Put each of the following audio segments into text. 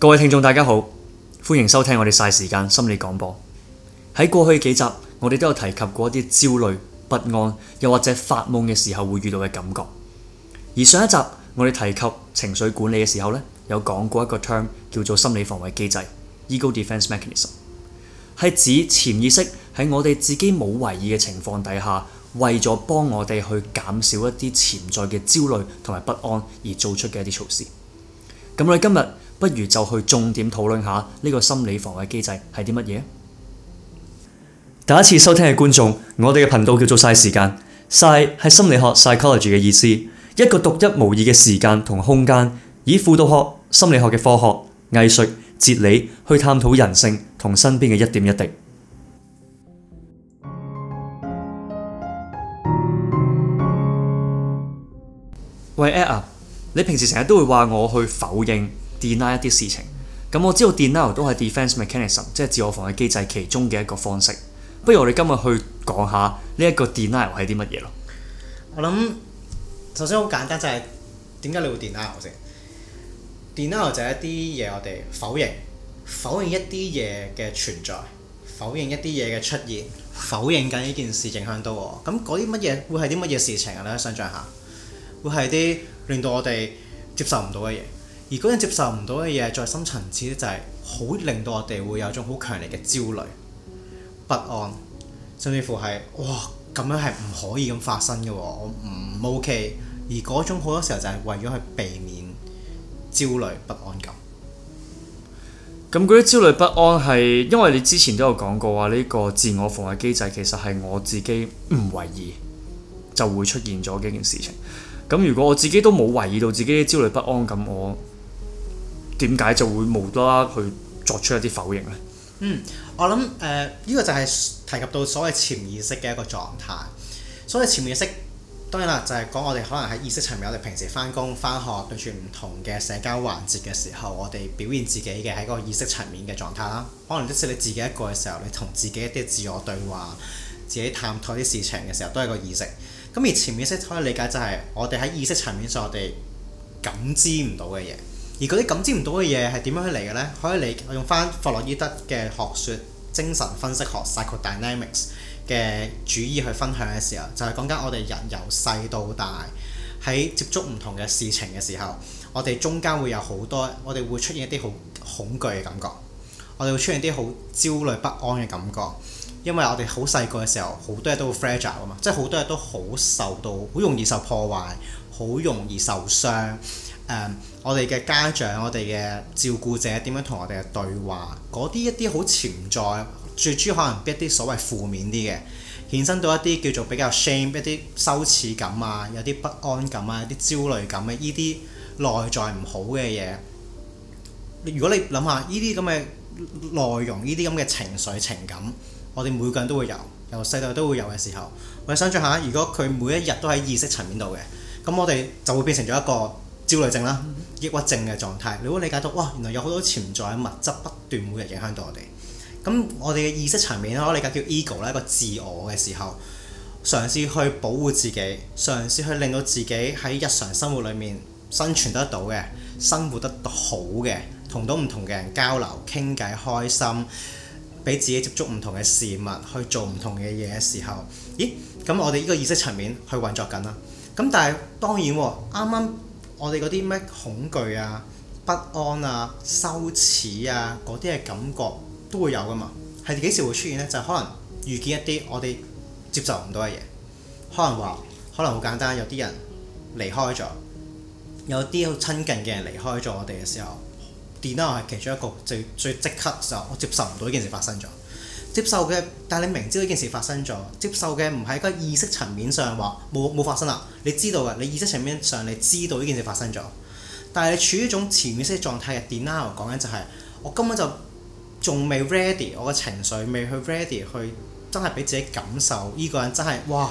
各位聽眾大家好，歡迎收聽我哋 PSY 時間心理港播。喺過去幾集，我哋都有提及過一啲焦慮不安，又或者發夢嘅時候會遇到嘅感覺。而上一集我哋提及情緒管理嘅時候咧，有講過一個 term 叫做心理防衛機制 （Ego Defense Mechanism），係指潛意識喺我哋自己冇懷疑嘅情況底下，為咗幫我哋去減少一啲潛在嘅焦慮同埋不安而做出嘅一啲措施。咁我哋今日。不如就去重點討論下呢個心理防衛機制係啲乜嘢？第一次收聽嘅觀眾，我哋嘅頻道叫做 PSY 時間，PSY 係心理學 Psychology 嘅意思，一個獨一無二嘅時間同空間，以輔導學、心理學嘅科學、藝術、哲理去探討人性同身邊嘅一點一滴。喂 Ed 啊，Ed，你平時成日都會話我去否認。deny 一啲事情，咁我知道 deny 都係 defence mechanism，即係自我防衛機制其中嘅一個方式。不如我哋今日去講下呢一個 deny 係啲乜嘢咯？我諗首先好簡單就係點解你會 deny 先？deny 就係一啲嘢我哋否認，否認一啲嘢嘅存在，否認一啲嘢嘅出現，否認緊呢件事影響到我。咁嗰啲乜嘢會係啲乜嘢事情啊？你想象下，會係啲令到我哋接受唔到嘅嘢。而嗰種接受唔到嘅嘢，再深層次咧，就係好令到我哋會有一種好強烈嘅焦慮、不安，甚至乎係哇咁樣係唔可以咁發生嘅喎，我唔 OK。而嗰種好多時候就係為咗去避免焦慮不安感。咁嗰啲焦慮不安係，因為你之前都有講過話，呢個自我防衞機制其實係我自己唔為意就會出現咗嘅一件事情。咁如果我自己都冇為意到自己嘅焦慮不安咁，我點解就會無啦啦去作出一啲否認呢？嗯，我諗誒，呢、呃呢個就係提及到所謂潛意識嘅一個狀態。所謂潛意識當然啦，就係、是、講我哋可能喺意識層面，我哋平時返工、返學對住唔同嘅社交環節嘅時候，我哋表現自己嘅喺嗰個意識層面嘅狀態啦。可能即使你自己一個嘅時候，你同自己一啲自我對話、自己探討啲事情嘅時候，都係個意識。咁而潛意識可以理解就係我哋喺意識層面上我哋感知唔到嘅嘢。而嗰啲感知唔到嘅嘢係點樣去嚟嘅呢？可以嚟用返弗洛伊德嘅學説、精神分析學 （psychodynamics） 嘅主意去分享嘅時候，就係講緊我哋人由細到大喺接觸唔同嘅事情嘅時候，我哋中間會有好多，我哋會出現一啲好恐懼嘅感覺，我哋會出現啲好焦慮不安嘅感覺，因為我哋好細個嘅時候，好多嘢都好 fragile 啊嘛，即係好多嘢都好受到、好容易受破壞、好容易受傷。誒，um, 我哋嘅家長，我哋嘅照顧者點樣同我哋嘅對話？嗰啲一啲好潛在，最中可能一啲所謂負面啲嘅，衍生到一啲叫做比較 shame 一啲羞恥感啊，有啲不安感啊，有啲焦慮感啊，呢啲內在唔好嘅嘢。如果你諗下呢啲咁嘅內容，呢啲咁嘅情緒情感，我哋每個人都會有，由細到大都會有嘅時候。我哋想像下，如果佢每一日都喺意識層面度嘅，咁我哋就會變成咗一個。焦慮症啦、抑鬱症嘅狀態，你會理解到哇，原來有好多潛在嘅物質不斷每日影響到我哋。咁我哋嘅意識層面我理解叫 ego 咧，一個自我嘅時候，嘗試去保護自己，嘗試去令到自己喺日常生活裏面生存得到嘅，生活得到好嘅，到同到唔同嘅人交流傾偈，開心，俾自己接觸唔同嘅事物，去做唔同嘅嘢嘅時候，咦咁我哋呢個意識層面去運作緊啦、啊。咁但係當然喎、啊，啱啱。我哋嗰啲咩恐懼啊、不安啊、羞恥啊嗰啲嘅感覺都會有噶嘛？係幾時會出現呢？就是、可能遇見一啲我哋接受唔到嘅嘢，可能話可能好簡單，有啲人離開咗，有啲好親近嘅人離開咗我哋嘅時候，Denial 係其中一個最最即刻就我接受唔到呢件事發生咗。接受嘅，但係你明知呢件事發生咗，接受嘅唔喺個意識層面上話冇冇發生啦，你知道嘅，你意識層面上你知道呢件事發生咗，但係你處於一種潛意識狀態嘅，denial 講緊就係、是、我根本就仲未 ready，我嘅情緒未去 ready 去，真係俾自己感受呢、這個人真係哇，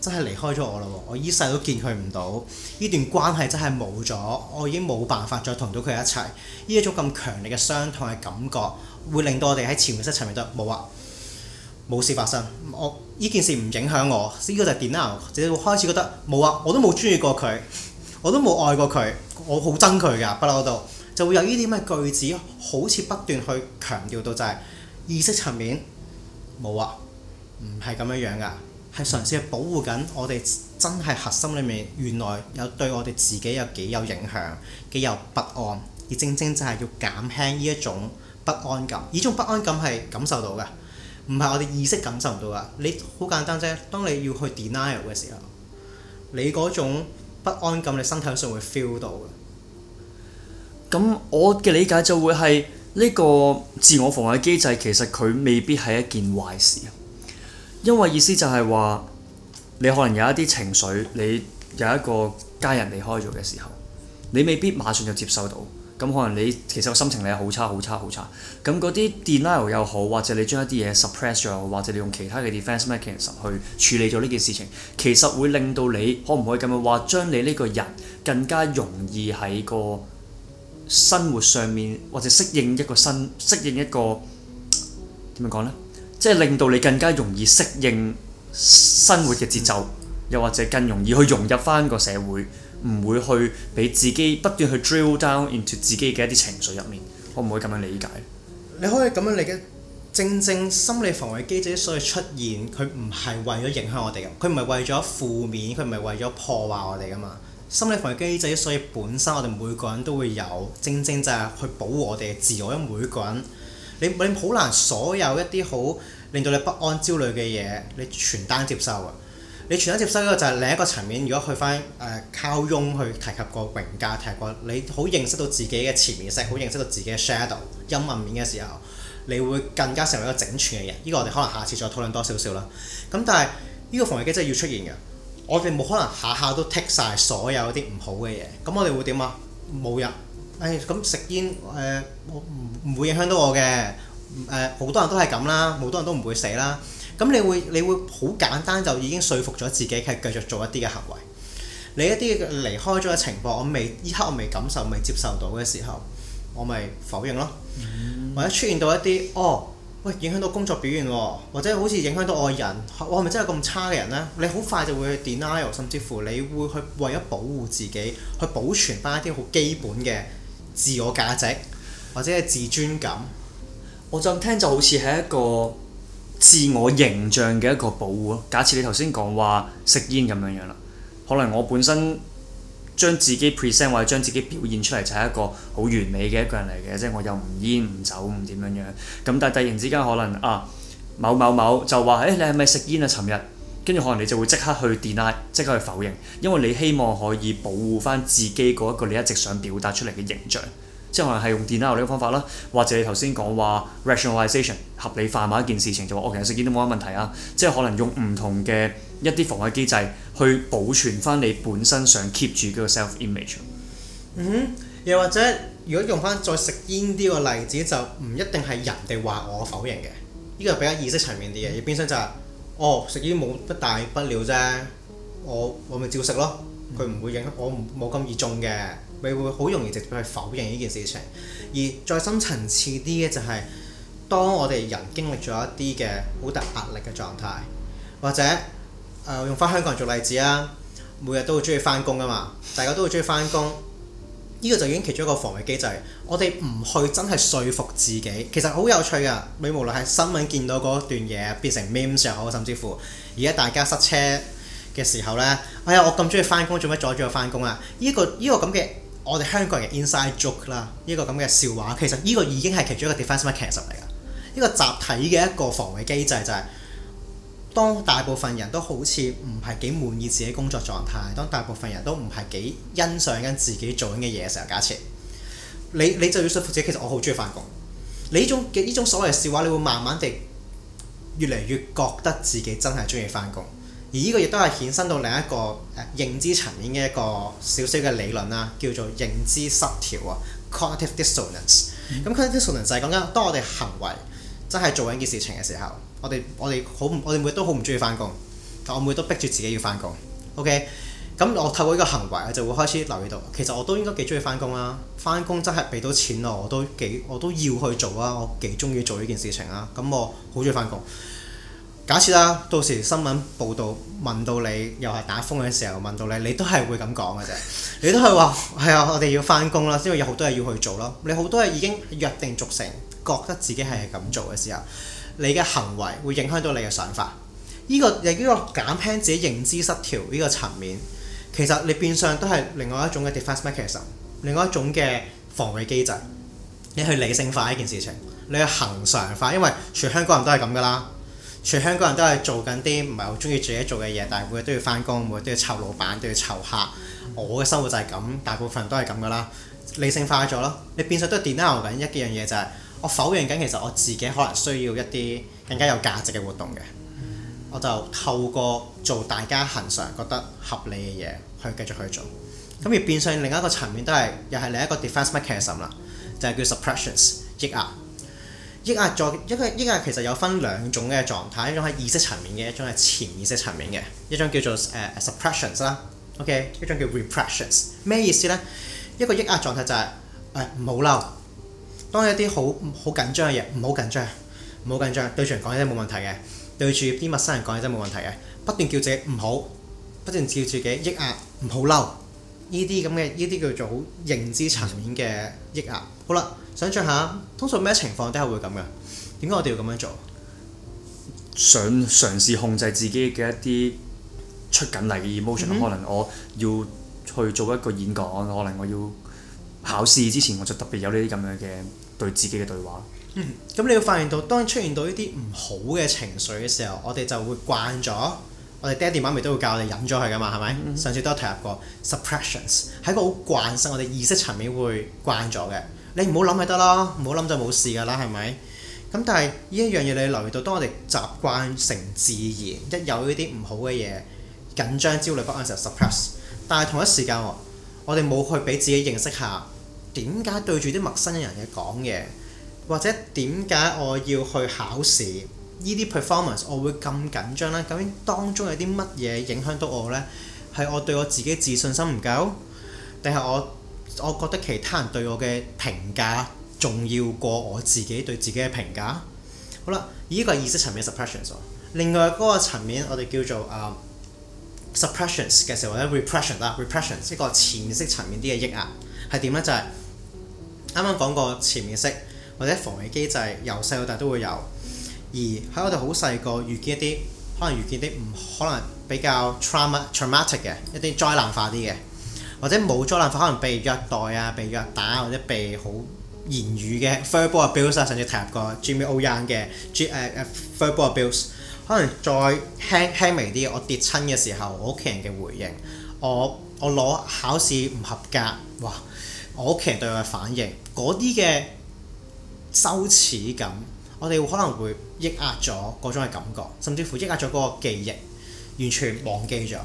真係離開咗我嘞喎，我依世都見佢唔到，呢段關係真係冇咗，我已經冇辦法再同到佢一齊，呢一種咁強烈嘅傷痛嘅感覺，會令到我哋喺潛意識層面都冇啊。冇事發生，我呢件事唔影響我，呢、這個就係 denial，即係開始覺得冇啊，我都冇鍾意過佢，我都冇愛過佢，我好憎佢㗎，不嬲都就會有呢啲咁嘅句子，好似不斷去強調到就係、是、意識層面冇啊，唔係咁樣樣㗎，係嘗試去保護緊我哋真係核心裡面原來有對我哋自己有幾有影響，幾有不安，而正正就係要減輕呢一種不安感，呢種不安感係感受到㗎。唔係我哋意識感受唔到㗎，你好簡單啫。當你要去 denial 嘅時候，你嗰種不安感，你身體上會 feel 到。咁我嘅理解就會係呢個自我防衛機制，其實佢未必係一件壞事，因為意思就係話你可能有一啲情緒，你有一個家人離開咗嘅時候，你未必馬上就接受到。咁可能你其實個心情你係好差好差好差，咁嗰啲 denial 又好，或者你將一啲嘢 suppress 咗，又或者你用其他嘅 defense mechanism 去處理咗呢件事情，其實會令到你可唔可以咁樣話將你呢個人更加容易喺個生活上面，或者適應一個新適應一個點樣講呢？即係令到你更加容易適應生活嘅節奏，又或者更容易去融入翻個社會。唔會去俾自己不斷去 drill down into 自己嘅一啲情緒入面，可唔可以咁樣理解？你可以咁樣理解。正正心理防衞機制之所以出現，佢唔係為咗影響我哋嘅，佢唔係為咗負面，佢唔係為咗破壞我哋噶嘛。心理防衞機制之所以本身我哋每個人都會有，正正就係去保護我哋嘅自我。因為每個人，你你好難所有一啲好令到你不安焦慮嘅嘢，你全單接受啊！你全體接收呢個就係另一個層面。如果去翻誒、呃、靠擁去提及個榮格提過，你好認識到自己嘅潛意識，好認識到自己嘅 shadow 陰暗面嘅時候，你會更加成為一個整全嘅人。呢、這個我哋可能下次再討論多少少啦。咁但係呢、這個防衛機真係要出現嘅。我哋冇可能下下都剔晒所有啲唔好嘅嘢。咁我哋會點啊？冇人。誒、哎、咁食煙誒，唔、呃、唔會影響到我嘅。誒、呃、好多人都係咁啦，好多人都唔會死啦。咁你會你會好簡單就已經說服咗自己係繼續做一啲嘅行為，你一啲離開咗嘅情況，我未依刻我未感受，未接受到嘅時候，我咪否認咯。嗯、或者出現到一啲哦，喂影響到工作表現喎，或者好似影響到愛人，我係咪真係咁差嘅人咧？你好快就會去 denial，甚至乎你會去為咗保護自己，去保存翻一啲好基本嘅自我價值或者係自尊感。我就聽就好似係一個。自我形象嘅一個保護。假設你頭先講話食煙咁樣樣啦，可能我本身將自己 present 或者將自己表現出嚟就係一個好完美嘅一個人嚟嘅，即係我又唔煙唔酒唔點樣樣。咁但係突然之間可能啊某某某就話：誒、哎、你係咪食煙啊？尋日，跟住可能你就會即刻去 deny 即刻去否認，因為你希望可以保護翻自己嗰一個你一直想表達出嚟嘅形象。即係可能係用 denial 呢個方法啦，或者你頭先講話 rationalization 合理化某一件事情，就話我其實食煙都冇乜問題啊。即係可能用唔同嘅一啲防衛機制去保存翻你本身想 keep 住嗰個 self image。嗯哼，又或者如果用翻再食煙啲個例子，就唔一定係人哋話我否認嘅，呢個比較意識層面啲嘅，而、嗯、變相就係、是、哦食煙冇乜大不了啫，我我咪照食咯，佢唔、嗯、會影響我冇咁易中嘅。你會好容易直接去否認呢件事情，而再深層次啲嘅就係、是，當我哋人經歷咗一啲嘅好大壓力嘅狀態，或者誒、呃、用返香港人做例子啦，每日都會鍾意返工㗎嘛，大家都會鍾意返工，呢、這個就已經其中一個防衛機制，就是、我哋唔去真係說服自己，其實好有趣㗎，你無論係新聞見到嗰段嘢變成 memes，甚至乎而家大家塞車嘅時候呢，哎呀我咁鍾意返工，做乜阻住我返工呀？呢、這個呢、這個咁嘅。我哋香港人 inside joke 啦，呢個咁嘅笑話，其實呢個已經係其中一個 defense mechanism 嚟噶，一個集體嘅一個防衛機制就係、是、當大部分人都好似唔係幾滿意自己工作狀態，當大部分人都唔係幾欣賞緊自己做緊嘅嘢嘅時候，假設，你你就要說服自己，其實我好中意翻工。你呢種嘅呢種所謂笑話，你會慢慢地越嚟越覺得自己真係中意翻工。而呢個亦都係衍生到另一個認知層面嘅一個小小嘅理論啦，叫做認知失調啊，cognitive dissonance。咁 cognitive dissonance、mm hmm. Dis 就係講緊當我哋行為真係做緊一件事情嘅時候，我哋我哋好我哋每日都好唔中意翻工，但我每日都逼住自己要翻工。OK，咁我透過呢個行為我就會開始留意到，其實我都應該幾中意翻工啦。翻工真係俾到錢我，我都幾我都要去做啊。我幾中意做呢件事情啊。咁我好中意翻工。假設啦，到時新聞報導問到你，又係打風嘅時候問到你，你都係會咁講嘅啫。你都係話係啊，我哋要翻工啦，因為有好多嘢要去做咯。你好多嘢已經約定俗成，覺得自己係係咁做嘅時候，你嘅行為會影響到你嘅想法。呢、呢個亦依、呢個減輕自己認知失調呢個層面，其實你變相都係另外一種嘅 defense mechanism，另外一種嘅防衛機制，你去理性化呢件事情，你去恒常化，因為全香港人都係咁噶啦。全香港人都係做緊啲唔係好中意自己做嘅嘢，但係每日都要翻工，每日都要湊老闆，都要湊客。我嘅生活就係咁，大部分人都係咁噶啦。理性化咗咯，你變相都係 denial 緊一樣嘢就係，我否認緊其實我自己可能需要一啲更加有價值嘅活動嘅。我就透過做大家恆常覺得合理嘅嘢去繼續去做。咁而變相另一個層面都係，又係另一個 defense mechanism 嘅啦，就係叫 suppressions，即係抑壓狀，一個抑壓其實有分兩種嘅狀態，一種係意識層面嘅，一種係潛意識層面嘅，一種叫做誒、uh, suppressions 啦，OK，一種叫 repressions，咩意思咧？一個抑壓狀態就係誒唔好嬲，當一啲好好緊張嘅嘢，唔好緊張，唔好緊張，對住人講嘢真冇問題嘅，對住啲陌生人講嘢真冇問題嘅，不斷叫自己唔好，不斷叫自己抑壓唔好嬲，呢啲咁嘅，呢啲叫做認知層面嘅抑壓，好啦。想象下，通常咩情況都係會咁嘅。點解我哋要咁樣做？想嘗試控制自己嘅一啲出緊嚟嘅 emotion，可能我要去做一個演講，可能我要考試之前，我就特別有呢啲咁樣嘅對自己嘅對話。嗯，咁你要發現到，當出現到呢啲唔好嘅情緒嘅時候，我哋就會慣咗。我哋爹哋媽咪都會教我哋忍咗佢㗎嘛，係咪？嗯、哼上次都有提及過 suppressions 係一個好慣性，我哋意識層面會慣咗嘅。你唔好諗咪得咯，唔好諗就冇事㗎啦，係咪？咁但係呢一樣嘢你留意到，當我哋習慣成自然，一有呢啲唔好嘅嘢，緊張、焦慮不安嗰陣時候，suppress。但係同一時間，我哋冇去俾自己認識下點解對住啲陌生人嘅講嘢，或者點解我要去考試呢啲 performance，我會咁緊張咧？究竟當中有啲乜嘢影響到我呢？係我對我自己自信心唔夠，定係我？我覺得其他人對我嘅評價重要過我自己對自己嘅評價。好啦，呢個係意識層面嘅 suppressions。另外嗰個層面我哋叫做誒、uh, suppressions 嘅時候或者 repression 啦，repression 即係個潛意識層面啲嘅抑壓係點咧？就係啱啱講過潛意識或者防衛機制，由細到大都會有。而喺我哋好細個遇見一啲可能遇見啲唔可能比較 tra trauma、traumatic 嘅一啲災難化啲嘅。或者冇捉爛塊，可能被虐待啊，被虐打或者被好言語嘅 verbal abuse 啊，甚至提及過 Jimmy O Yang 嘅誒誒 verbal、uh, abuse，可能再輕輕微啲，我跌親嘅時候，我屋企人嘅回應，我我攞考試唔合格，哇！我屋企人對我嘅反應，嗰啲嘅羞恥感，我哋可能會抑壓咗嗰種嘅感覺，甚至乎抑壓咗嗰個記憶，完全忘記咗。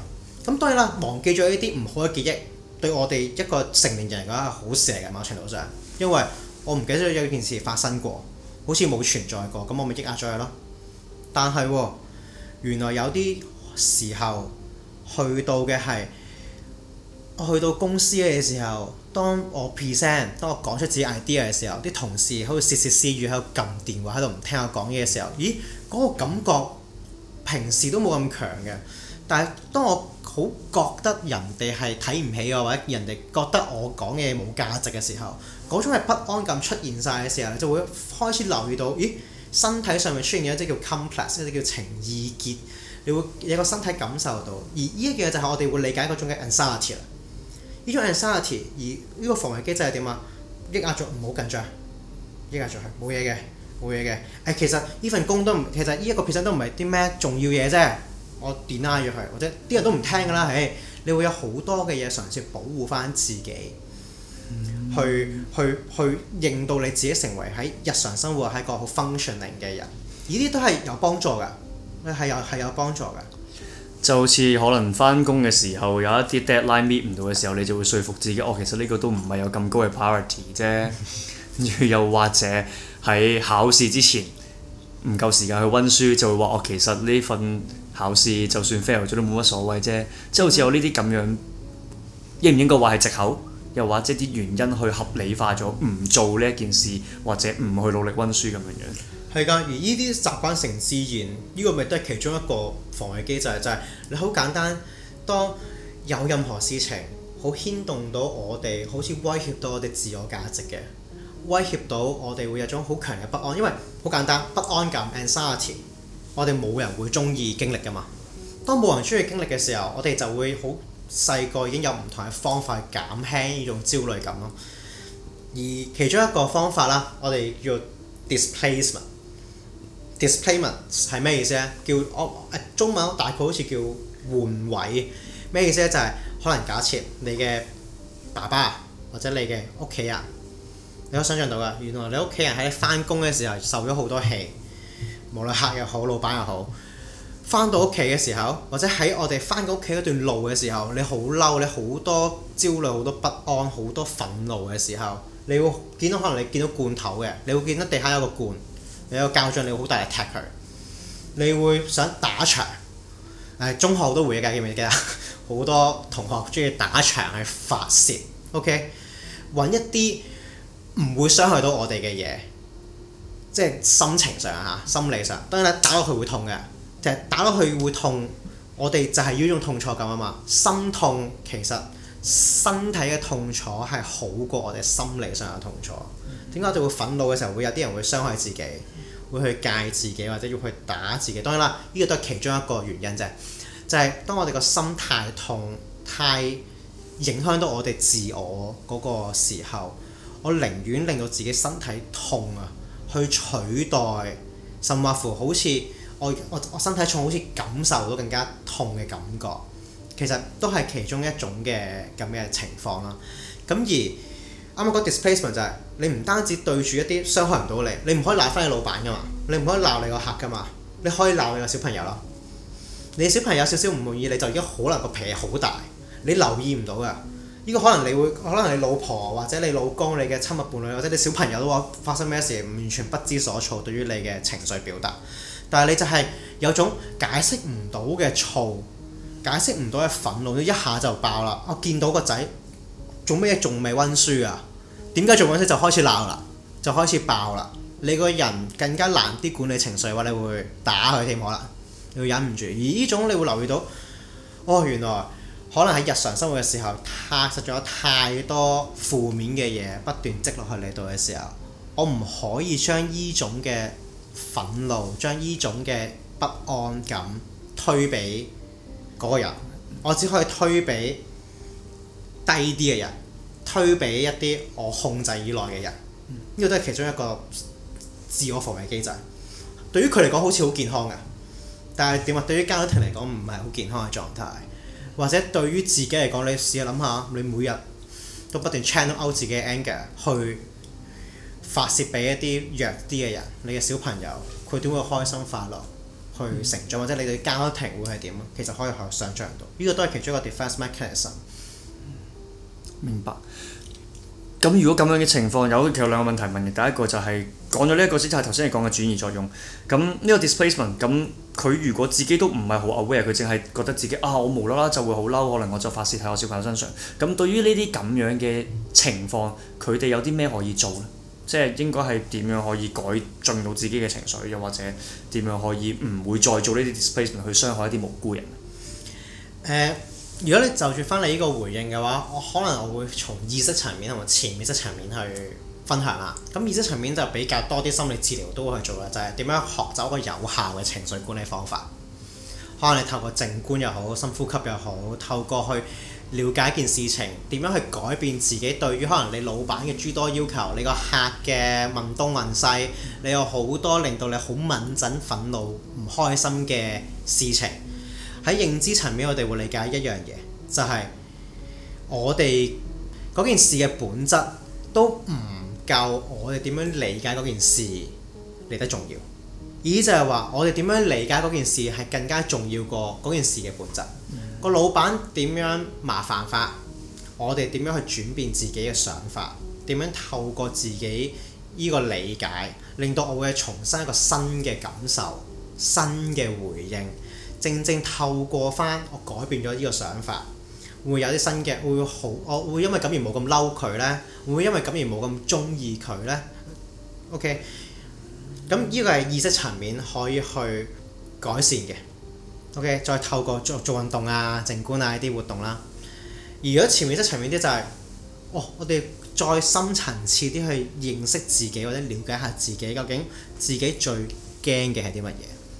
咁當然啦，忘記咗呢啲唔好嘅記憶。對我哋一個成年人嚟講，好事嚟嘅。某程度上，因為我唔記得咗有件事發生過，好似冇存在過，咁我咪抑壓咗佢咯。但係原來有啲時候去到嘅係，去到公司嘅時候，當我 present，當我講出自己 idea 嘅時候，啲同事喺度竊竊私語，喺度撳電話，喺度唔聽我講嘢嘅時候，咦嗰、那個感覺平時都冇咁強嘅，但係當我好覺得人哋係睇唔起我，或者人哋覺得我講嘢冇價值嘅時候，嗰種係不安咁出現晒嘅時候，就會開始留意到，咦？身體上面出現有一隻叫 complex，一隻叫情意結，你會有個身體感受到。而呢一嘅就係我哋會理解嗰種嘅 anxiety 啦。依種 anxiety 而呢個防衛機制係點啊？抑壓咗，唔好緊張，抑壓咗係冇嘢嘅，冇嘢嘅。誒、哎，其實呢份工都唔，其實呢一個其 e 都唔係啲咩重要嘢啫。我 deny 咗佢，或者啲人都唔聽㗎啦。誒，你會有好多嘅嘢嘗試保護翻自己，去去、嗯、去，令到你自己成為喺日常生活係一個好 functioning 嘅人。呢啲都係有幫助㗎，係有係有幫助㗎。就好似可能翻工嘅時候有一啲 deadline meet 唔到嘅時候，你就會說服自己，哦，其實呢個都唔係有咁高嘅 priority 啫。跟住 又或者喺考試之前唔夠時間去溫書，就會話：哦，其實呢份。考試就算 fail 咗都冇乜所謂啫，即係好似有呢啲咁樣，應唔應該話係藉口？又或者啲原因去合理化咗唔做呢一件事，或者唔去努力溫書咁樣樣。係噶，而呢啲習慣成自然，呢個咪都係其中一個防衛機制，就係你好簡單，當有任何事情好牽動到我哋，好似威脅到我哋自我價值嘅，威脅到我哋會有種好強嘅不安，因為好簡單不安感 anxiety。我哋冇人會中意經歷㗎嘛？當冇人中意經歷嘅時候，我哋就會好細個已經有唔同嘅方法去減輕呢種焦慮感咯。而其中一個方法啦，我哋叫 displacement。displacement 係咩意思咧？叫我中文，大概好似叫換位。咩意思咧？就係、是、可能假設你嘅爸爸或者你嘅屋企人，你可以想象到㗎。原來你屋企人喺返工嘅時候受咗好多氣。無論客又好，老闆又好，翻到屋企嘅時候，或者喺我哋翻到屋企嗰段路嘅時候，你好嬲，你好多焦慮、好多不安、好多憤怒嘅時候，你會見到可能你見到罐頭嘅，你會見到地下有個罐，你有個膠樽，你好大力踢佢，你會想打牆。誒，中學都會嘅，記唔記得？好 多同學中意打牆去發泄。OK，揾一啲唔會傷害到我哋嘅嘢。即係心情上吓，心理上。當然啦，打落去會痛嘅，就係打落去會痛。我哋就係要種痛楚感啊嘛。心痛，其實身體嘅痛楚係好過我哋心理上嘅痛楚。點解我哋會憤怒嘅時候會有啲人會傷害自己，會去戒自己或者要去打自己？當然啦，呢個都係其中一個原因，就係就係當我哋個心太痛太影響到我哋自我嗰個時候，我寧願令到自己身體痛啊。去取代，甚或乎好似我我我身體重，好似感受到更加痛嘅感覺，其實都係其中一種嘅咁嘅情況啦。咁而啱啱嗰 displacement 就係：你唔單止對住一啲傷害唔到你，你唔可以鬧翻你老闆㗎嘛，你唔可以鬧你個客㗎嘛，你可以鬧你個小朋友咯。你小朋友少少唔滿意，你就已經可能個脾氣好大，你留意唔到㗎。呢個可能你會，可能你老婆或者你老公、你嘅親密伴侶或者你小朋友都話，發生咩事完全不知所措，對於你嘅情緒表達。但係你就係有種解釋唔到嘅燥，解釋唔到嘅憤怒，你一下就爆啦！我見到個仔做咩仲未温書啊？點解做嗰陣就開始鬧啦？就開始爆啦！你個人更加難啲管理情緒嘅話，你會打佢添。可能你會忍唔住。而呢種你會留意到，哦，原來。可能喺日常生活嘅時候，太實咗太多負面嘅嘢不斷積落去你度嘅時候，我唔可以將依種嘅憤怒、將依種嘅不安感推俾嗰個人，我只可以推俾低啲嘅人，推俾一啲我控制以內嘅人，呢個都係其中一個自我防衛機制。對於佢嚟講好似好健康㗎，但係點啊？對於家庭嚟講唔係好健康嘅狀態。或者對於自己嚟講，你試下諗下，你每日都不斷 channel out 自己嘅 anger 去發泄俾一啲弱啲嘅人，你嘅小朋友佢點會開心快樂去成長？嗯、或者你對家庭會係點？其實可以想象到，呢、這個都係其中一個 defense mechanism。明白。咁如果咁樣嘅情況有，其實有兩個問題問嘅，第一個就係、是。講咗呢一個先，就係頭先你講嘅轉移作用。咁呢個 displacement，咁佢如果自己都唔係好 aware，佢淨係覺得自己啊，我無啦啦就會好嬲，可能我就發泄喺我小朋友身上。咁對於呢啲咁樣嘅情況，佢哋有啲咩可以做咧？即係應該係點樣可以改進到自己嘅情緒，又或者點樣可以唔會再做呢啲 displacement 去傷害一啲無辜人？誒、呃，如果你就住翻嚟呢個回應嘅話，我可能我會從意識層面同埋潛意識層面去分享啦，咁意識層面就比較多啲心理治療都會去做啦，就係、是、點樣學走一個有效嘅情緒管理方法。可能你透過靜觀又好，深呼吸又好，透過去了解一件事情，點樣去改變自己對於可能你老闆嘅諸多要求，你個客嘅問東問西，你有好多令到你好敏感、憤怒、唔開心嘅事情。喺認知層面，我哋會理解一樣嘢，就係、是、我哋嗰件事嘅本質都唔。嗯教我哋點樣理解嗰件事嚟得重要，咦，就係話我哋點樣理解嗰件事係更加重要過嗰件事嘅本質個、嗯、老闆點樣麻煩法，我哋點樣去轉變自己嘅想法？點樣透過自己呢個理解，令到我會重新一個新嘅感受、新嘅回應，正正透過翻我改變咗呢個想法。會有啲新嘅，會好我會因為咁而冇咁嬲佢呢，會因為咁而冇咁鍾意佢呢。OK，咁呢個係意識層面可以去改善嘅。OK，再透過做做運動啊、靜觀啊呢啲活動啦、啊。而如果潛意識層面啲就係、是，哦，我哋再深層次啲去認識自己或者了解下自己，究竟自己最驚嘅係啲乜嘢？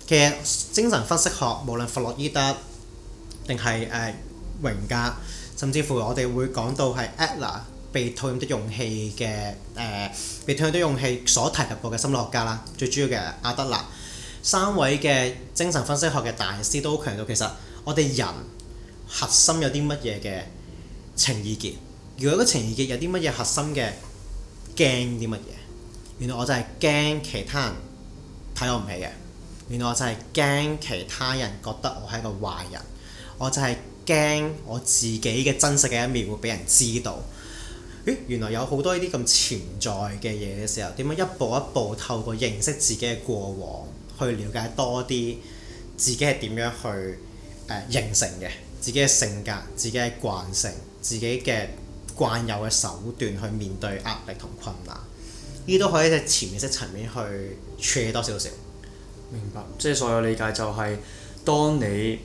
其實精神分析學無論弗洛伊德定係誒。榮格，甚至乎我哋會講到係 Ella 被推用的勇氣嘅誒、呃，被討厭的勇氣所提及過嘅心理學家啦，最主要嘅阿德勒，三位嘅精神分析學嘅大師都強調，其實我哋人核心有啲乜嘢嘅情意結？如果個情意結有啲乜嘢核心嘅驚啲乜嘢？原來我就係驚其他人睇我唔起嘅，原來我就係驚其他人覺得我係一個壞人，我就係、是。驚我自己嘅真實嘅一面會俾人知道，咦？原來有好多呢啲咁潛在嘅嘢嘅時候，點樣一步一步透過認識自己嘅過往，去了解多啲自己係點樣去誒、呃、形成嘅，自己嘅性格、自己嘅慣性、自己嘅慣有嘅手段去面對壓力同困難，呢啲都可以喺嘅潛意識層面去處理多少少。明白，即係所有理解就係、是、當你。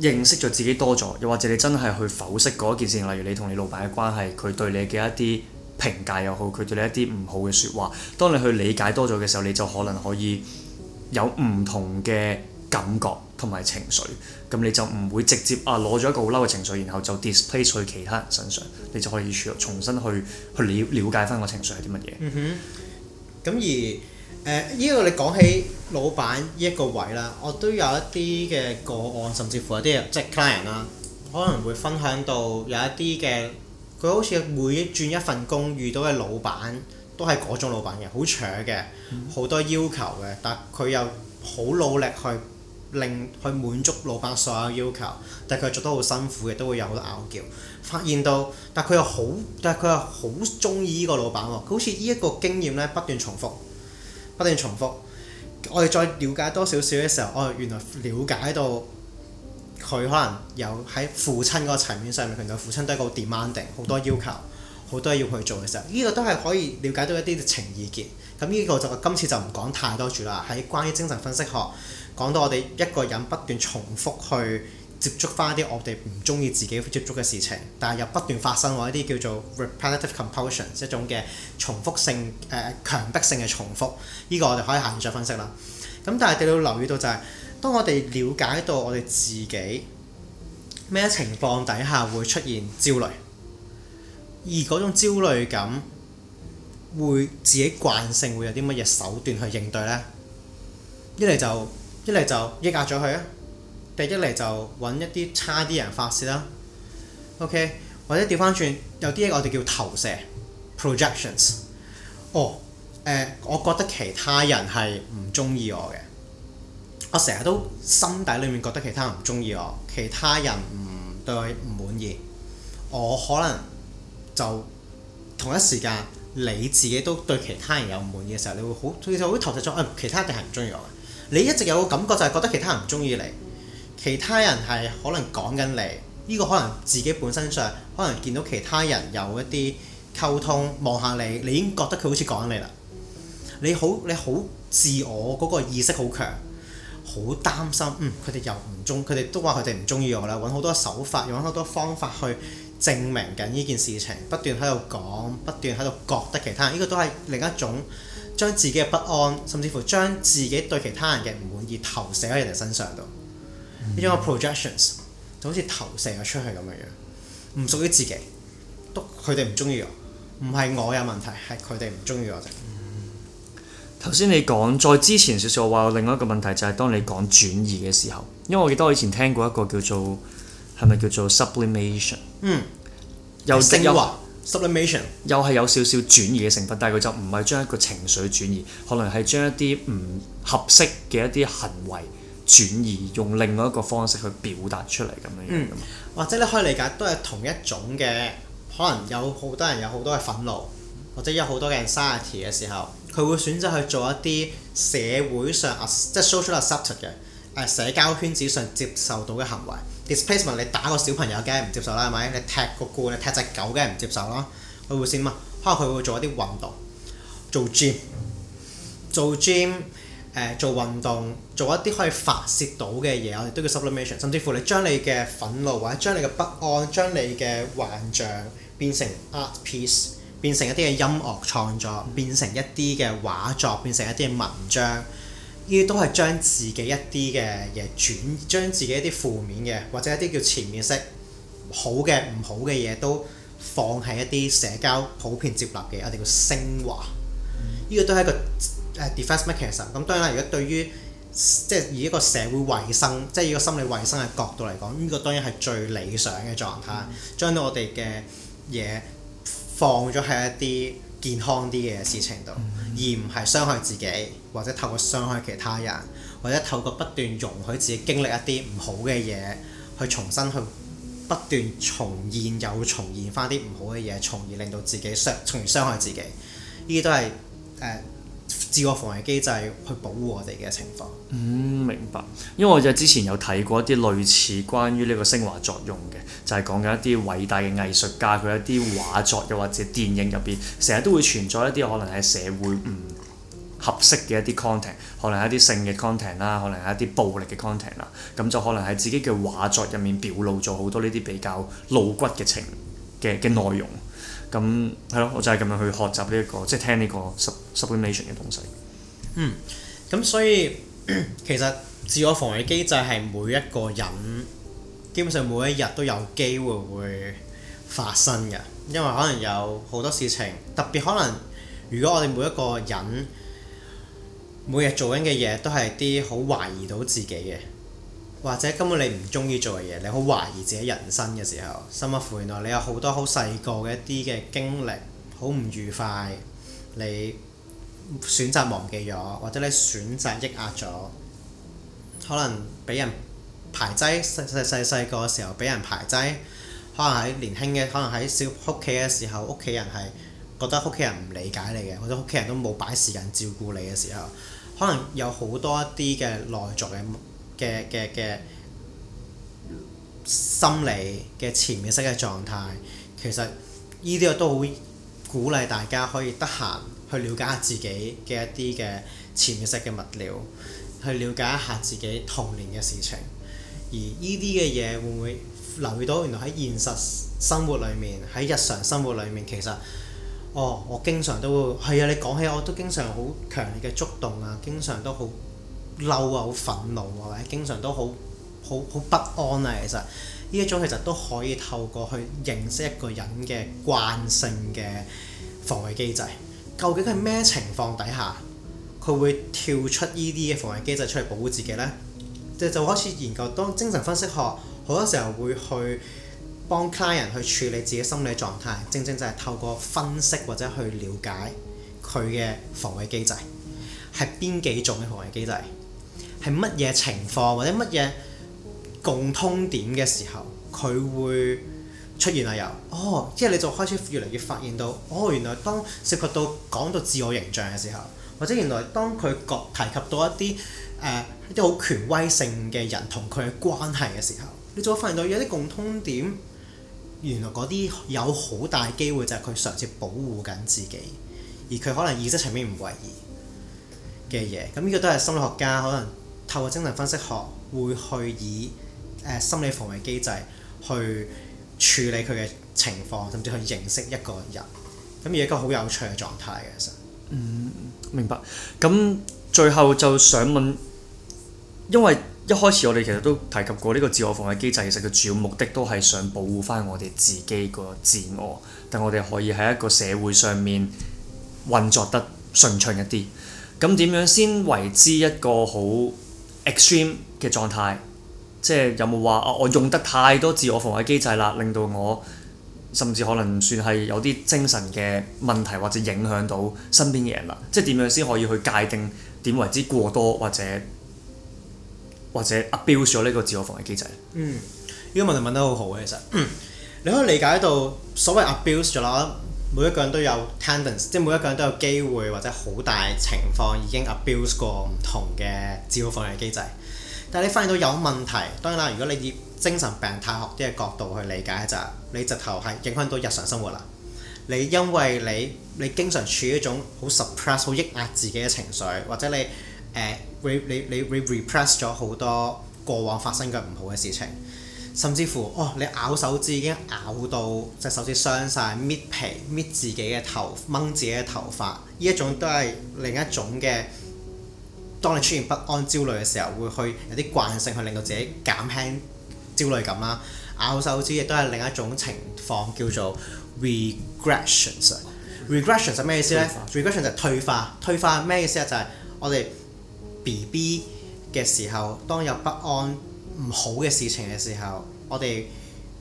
認識咗自己多咗，又或者你真係去剖析嗰件事，例如你同你老闆嘅關係，佢對你嘅一啲評價又好，佢對你一啲唔好嘅説話，當你去理解多咗嘅時候，你就可能可以有唔同嘅感覺同埋情緒，咁你就唔會直接啊攞咗一個好嬲嘅情緒，然後就 displace 去其他人身上，你就可以重重新去了去了了解翻個情緒係啲乜嘢。嗯哼。咁而。誒，依個你講起老闆呢一個位啦，我都有一啲嘅個案，甚至乎有啲即係 client 啦，可能會分享到有一啲嘅佢好似每轉一份工遇到嘅老闆都係嗰種老闆嘅，好扯嘅，好多要求嘅，但佢又好努力去令去滿足老闆所有要求，但佢做得好辛苦嘅，都會有好多拗撬，發現到但佢又好，但係佢又好中意呢個老闆喎，佢好似呢一個經驗咧不斷重複。不斷重複，我哋再了解多少少嘅時候，我、哦、原來了解到佢可能有喺父親嗰個層面上面，其實父親都係一個 demanding 好多要求，好多嘢要去做嘅時候，呢個都係可以了解到一啲情意結。咁呢個就今次就唔講太多住啦。喺關於精神分析學講到我哋一個人不斷重複去。接觸翻啲我哋唔中意自己接觸嘅事情，但係又不斷發生喎。一啲叫做 repetitive compulsion，一種嘅重複性誒強迫性嘅重複。呢個我哋可以下邊再分析啦。咁但係你會留意到就係，當我哋了解到我哋自己咩情況底下會出現焦慮，而嗰種焦慮感會自己慣性會有啲乜嘢手段去應對呢？一嚟就一嚟就抑壓咗佢啊！第一嚟就揾一啲差啲人發泄啦。OK，或者調翻轉有啲嘢我哋叫投射 （projections）。哦，誒、呃，我覺得其他人係唔中意我嘅。我成日都心底裡面覺得其他人唔中意我，其他人唔對我唔滿意。我可能就同一時間你自己都對其他人有唔滿意嘅時候，你會好就會投射咗誒、哎，其他人係唔中意我嘅。你一直有個感覺就係覺得其他人唔中意你。其他人係可能講緊你，呢個可能自己本身上可能見到其他人有一啲溝通，望下你，你已經覺得佢好似講緊你啦。你好，你好，自我嗰個意識好強，好擔心。嗯，佢哋又唔鍾，佢哋都話佢哋唔鍾意我啦。揾好多手法，用好多方法去證明緊呢件事情，不斷喺度講，不斷喺度覺得其他人。呢個都係另一種將自己嘅不安，甚至乎將自己對其他人嘅唔滿意投射喺人哋身上度。呢種嘅 projections 就好似投射咗出去咁嘅樣，唔屬於自己，都佢哋唔中意我，唔係我有問題，係佢哋唔中意我哋。頭先、嗯、你講再之前少少，我話另外一個問題就係、係、當你講轉移嘅時候，因為我記得我以前聽過一個叫做係咪叫做 sublimation？嗯，有有又昇華 sublimation，又係有少少轉移嘅成分，但係佢就唔係將一個情緒轉移，可能係將一啲唔合適嘅一啲行為。轉移用另外一個方式去表達出嚟咁樣樣、嗯，或者你可以理解都係同一種嘅，可能有好多人有好多嘅憤怒，或者有好多嘅 anxiety 嘅時候，佢會選擇去做一啲社會上即係 social accepted 嘅誒社交圈子上接受到嘅行為。Displacement 你打個小朋友梗係唔接受啦，係咪？你踢個罐，你踢隻狗梗係唔接受啦，佢會先啊？可能佢會做一啲運動，做 gym，做 gym。誒做運動，做一啲可以發泄到嘅嘢，我哋都叫 sublimation。甚至乎你將你嘅憤怒或者將你嘅不安、將你嘅幻象變成 art piece，變成一啲嘅音樂創作，變成一啲嘅畫作，變成一啲嘅文章。呢啲都係將自己一啲嘅嘢轉，將自己一啲負面嘅或者一啲叫潛意識好嘅、唔好嘅嘢都放喺一啲社交普遍接納嘅，我哋叫升華。呢個都係一個。誒 Defense mechanism 咁當然啦。如果對於即係以一個社會衞生，即係以一個心理衞生嘅角度嚟講，呢個當然係最理想嘅狀態，將到我哋嘅嘢放咗喺一啲健康啲嘅事情度，嗯嗯，而唔係傷害自己，或者透過傷害其他人，或者透過不斷容許自己經歷一啲唔好嘅嘢，去重新去不斷重現又重現翻啲唔好嘅嘢，從而令到自己傷，從而傷害自己。呢啲都係誒。呃自我防衛機制去保護我哋嘅情況。嗯，明白。因為我哋之前有睇過一啲類似關於呢個昇華作用嘅，就係講緊一啲偉大嘅藝術家佢一啲畫作，又或者電影入邊，成日都會存在一啲可能係社會唔合適嘅一啲 content，可能係一啲性嘅 content 啦，可能係一啲暴力嘅 content 啦，咁就可能喺自己嘅畫作入面表露咗好多呢啲比較露骨嘅情嘅嘅內容。咁係咯，我就係咁樣去學習呢一個即係聽呢個 sub sublimation 嘅東西。嗯，咁所以其實自我防衛機制係每一個人基本上每一日都有機會會發生嘅，因為可能有好多事情，特別可能如果我哋每一個人每日做緊嘅嘢都係啲好懷疑到自己嘅。或者根本你唔中意做嘅嘢，你好懷疑自己人生嘅時候，甚至乎原來你有好多好細個嘅一啲嘅經歷，好唔愉快，你選擇忘記咗，或者你選擇抑壓咗，可能俾人排擠，細細細細個嘅時候俾人排擠，可能喺年輕嘅，可能喺小屋企嘅時候，屋企人係覺得屋企人唔理解你嘅，或者屋企人都冇擺時間照顧你嘅時候，可能有好多一啲嘅內在嘅。嘅嘅嘅心理嘅潛意識嘅狀態，其實呢啲我都好鼓勵大家可以得閒去了解下自己嘅一啲嘅潛意識嘅物料，去了解一下自己童年嘅事情。而呢啲嘅嘢會唔會留意到？原來喺現實生活裏面，喺日常生活裏面，其實哦，我經常都會，係啊，你講起我都經常好強烈嘅觸動啊，經常都好，嬲啊！好憤怒啊！或者經常都好好好不安啊！其實呢一種其實都可以透過去認識一個人嘅慣性嘅防衛機制，究竟係咩情況底下佢會跳出呢啲嘅防衛機制出嚟保護自己呢？就開始研究當精神分析學好多時候會去幫客人去處理自己心理狀態，正正就係透過分析或者去了解佢嘅防衛機制係邊幾種嘅防衛機制，係乜嘢情況，或者乜嘢共通點嘅時候，佢會出現啊？又哦，即係你就開始越嚟越發現到哦，原來當涉及到講到自我形象嘅時候，或者原來當佢講提及到一啲誒、呃、一啲好權威性嘅人同佢嘅關係嘅時候，你就會發現到有啲共通點。原來嗰啲有好大機會就係佢嘗試保護緊自己，而佢可能意識層面唔為意嘅嘢。咁呢個都係心理學家可能。透過精神分析學會去以誒、呃、心理防衛機制去處理佢嘅情況，甚至去認識一個人，咁而一個好有趣嘅狀態嘅，其實、嗯、明白。咁最後就想問，因為一開始我哋其實都提及過呢個自我防衛機制，其實佢主要目的都係想保護翻我哋自己個自我，等我哋可以喺一個社會上面運作得順暢一啲。咁點樣先為之一個好 Extreme 嘅狀態，即係有冇話啊？我用得太多自我防衞機制啦，令到我甚至可能算係有啲精神嘅問題，或者影響到身邊嘅人啦。即係點樣先可以去界定點為之過多，或者或者 abuse 咗呢個自我防衞機制？嗯，呢個問題問得好好嘅。其實，你可以理解到所謂 abuse 咗啦。每一個人都有 tendency，即係每一個人都有機會或者好大情況已經 abuse 過唔同嘅自我防衛機制。但係你發現到有問題，當然啦，如果你以精神病態學啲嘅角度去理解就係，你直頭係影響到日常生活啦。你因為你你經常處於一種好 suppress 好抑壓自己嘅情緒，或者你誒會、呃、你你會 repress 咗好多過往發生嘅唔好嘅事情。甚至乎，哦，你咬手指已經咬到隻手指傷晒，搣皮、搣自己嘅頭、掹自己嘅頭髮，呢一種都係另一種嘅。當你出現不安、焦慮嘅時候，會去有啲慣性去令到自己減輕焦慮感啦。咬手指亦都係另一種情況，叫做 regression。嗯。regression 係咩意思呢？regression 就係退化，退化咩意思啊？就係、是、我哋 B B 嘅時候，當有不安，唔好嘅事情嘅時候，我哋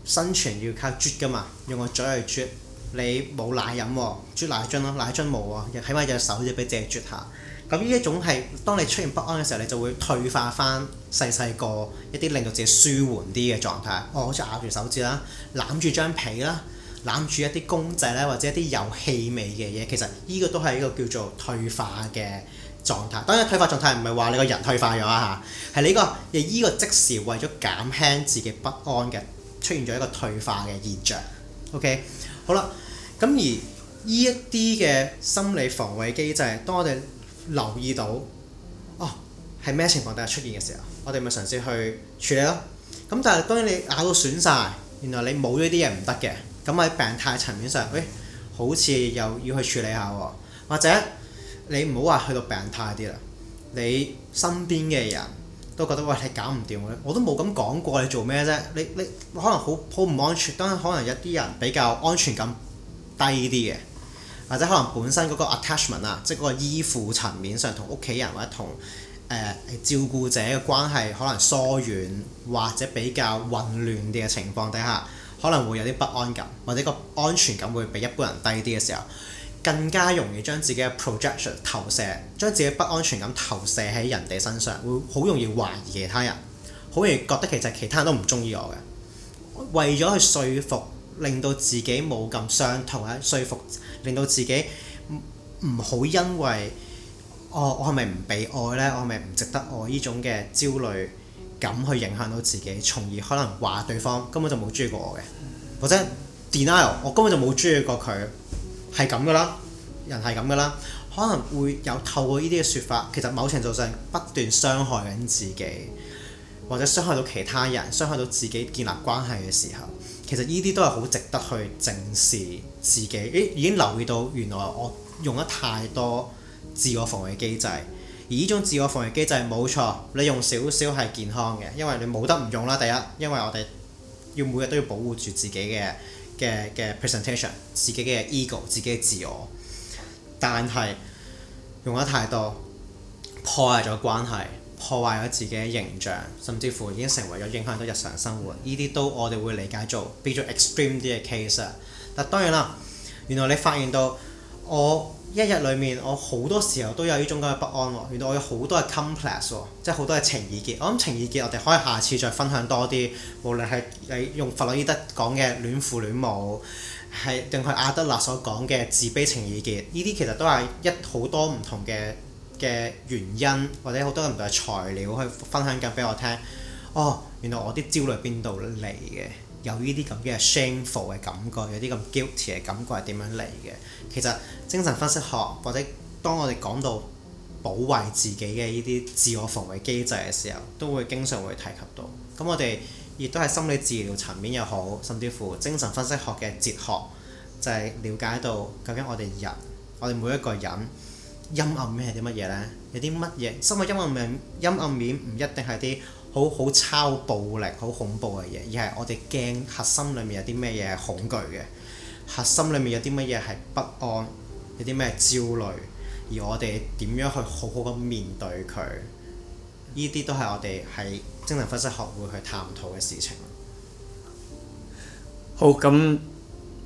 生存要靠啜㗎嘛，用個嘴去啜。你冇奶飲喎、啊，啜奶樽咯、啊，奶樽冇啊，起碼有隻手指俾自己啜下。咁呢一種係，當你出現不安嘅時候，你就會退化翻細細個一啲令到自己舒緩啲嘅狀態。哦，好似咬住手指啦、啊，攬住張被啦、啊，攬住一啲公仔咧、啊，或者一啲有氣味嘅嘢。其實呢個都係一個叫做退化嘅。狀態，當然退化狀態唔係話你個人退化咗啊嚇，係你、這個而依個即時為咗減輕自己不安嘅，出現咗一個退化嘅現象。OK，好啦，咁而呢一啲嘅心理防衛機制，當我哋留意到，哦，係咩情況底下出現嘅時候，我哋咪嘗試去處理咯。咁但係當然你咬到損晒，原來你冇咗啲嘢唔得嘅，咁喺病態層面上，誒、哎、好似又要去處理下喎，或者。你唔好話去到病態啲啦，你身邊嘅人都覺得喂，你搞唔掂嘅，我都冇咁講過你做咩啫？你你可能好好唔安全，當然可能有啲人比較安全感低啲嘅，或者可能本身嗰個 attachment 啊，即係嗰個依附層面上同屋企人或者同誒、呃、照顧者嘅關係可能疏遠或者比較混亂啲嘅情況底下，可能會有啲不安感，或者個安全感會比一般人低啲嘅時候。更加容易將自己嘅 projection 投射，將自己不安全感投射喺人哋身上，會好容易懷疑其他人，好容易覺得其實其他人都唔中意我嘅。為咗去說服，令到自己冇咁傷痛呀，説服令到自己唔好因為、哦、我我係咪唔被愛呢？我係咪唔值得愛？呢種嘅焦慮感去影響到自己，從而可能話對方根本就冇中意過我嘅，或者 denial 我根本就冇中意過佢。係咁噶啦，人係咁噶啦，可能會有透過呢啲嘅説法，其實某程度上不斷傷害緊自己，或者傷害到其他人，傷害到自己建立關係嘅時候，其實呢啲都係好值得去正視自己，咦已經留意到原來我用得太多自我防衛機制，而呢種自我防衛機制冇錯，你用少少係健康嘅，因為你冇得唔用啦，第一，因為我哋要每日都要保護住自己嘅。嘅嘅 presentation，自己嘅 ego，自己嘅自我，但係用得太多，破壞咗關係，破壞咗自己嘅形象，甚至乎已經成為咗影響到日常生活。呢啲都我哋會理解做 be 變咗 extreme 啲嘅 case。啊，但當然啦，原來你發現到我。一日裏面，我好多時候都有呢種咁嘅不安喎。原來我有好多嘅 complex 喎，即係好多嘅情意結。我諗情意結，我哋可以下次再分享多啲。無論係你用弗洛伊德講嘅戀父戀母，係定係阿德勒所講嘅自卑情意結，呢啲其實都係一好多唔同嘅嘅原因，或者好多唔同嘅材料去分享緊俾我聽。哦，原來我啲焦慮邊度嚟嘅？有呢啲咁嘅 shameful 嘅感覺，有啲咁 guilty 嘅感覺係點樣嚟嘅？其實精神分析學或者當我哋講到保衞自己嘅呢啲自我防衛機制嘅時候，都會經常會提及到。咁我哋亦都係心理治療層面又好，甚至乎精神分析學嘅哲學，就係了解到究竟我哋人，我哋每一個人陰暗面係啲乜嘢呢？有啲乜嘢？心理陰暗面陰暗面唔一定係啲。好好抄暴力、好恐怖嘅嘢，而係我哋驚核心裏面有啲咩嘢係恐懼嘅，核心裏面有啲乜嘢係不安，有啲咩焦慮，而我哋點樣去好好咁面對佢？呢啲都係我哋喺精神分析學會去探討嘅事情。好，咁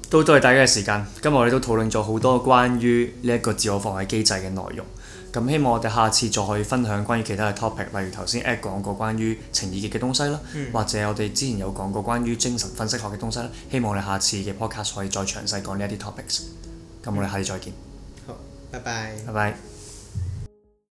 都多謝大家嘅時間。今日我哋都討論咗好多關於呢一個自我防衛機制嘅內容。咁希望我哋下次再去分享關於其他嘅 topic，例如頭先 Ed 講過關於情意結嘅東西啦，嗯、或者我哋之前有講過關於精神分析學嘅東西啦。希望我哋下次嘅 podcast 可以再詳細講呢一啲 topics。咁我哋下次再見、嗯。好，拜拜。拜拜。